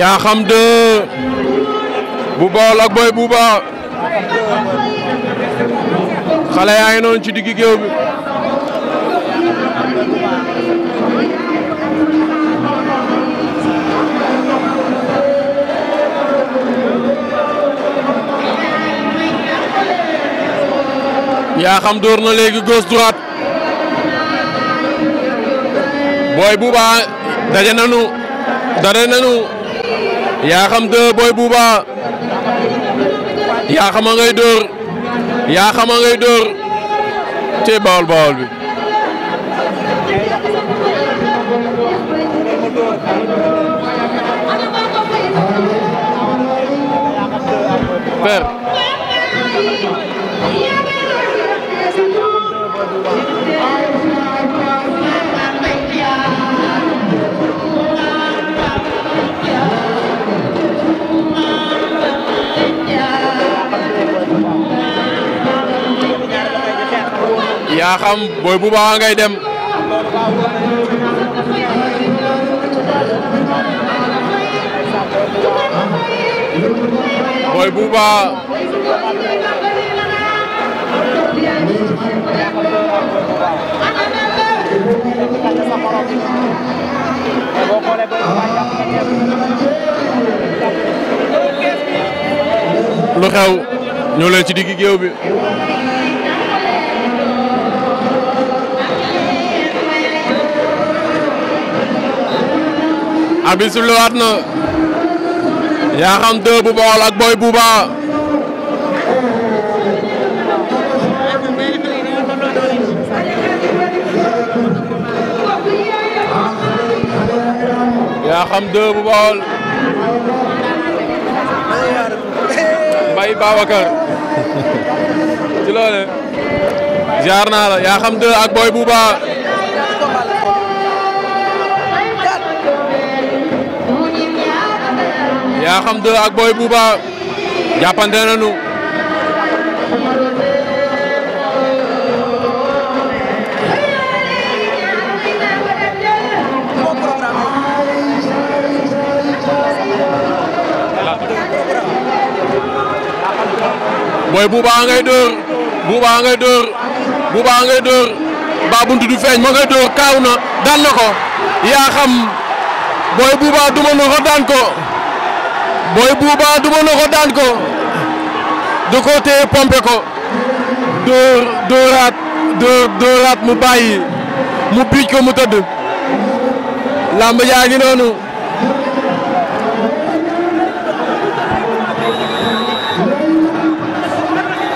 yaa xam de bu Bawol ak Boy Bouba yaa ngi noonu ci diggi géew yaa xam door na léegi gauche droite Boy Bouba daje nanu dare nanu yaa xam de Boy Bouba yaa xam a ngay dóor yaa xam a ngay door te bawol bawol bi per yaa xam booy bu baax ngay dem. booy bu baax. lu xew ñoo leen ci digg géew bi. abi suluwaat na yaa xam deux bu bool ak boy buuba yaa xam deux bu bool Mbaye Babacar ci loole jaar naa la yaa xam deux ak boy buuba Yakham 2 ak Boy Bouba jàppante nañu Boy Bouba ngay dóor Bouba ngay ngay dóor ba buntu du feeñ ma ngay dóor kaaw na daan na ko Yakham Boy Bouba duma na ko daan ko Boy Bouba duma na ko daan ko da koo téye pompe ko dóor dóoraat dóor dóoraat mu bàyyi mu biij ko mu tëdd làmb jaa ngi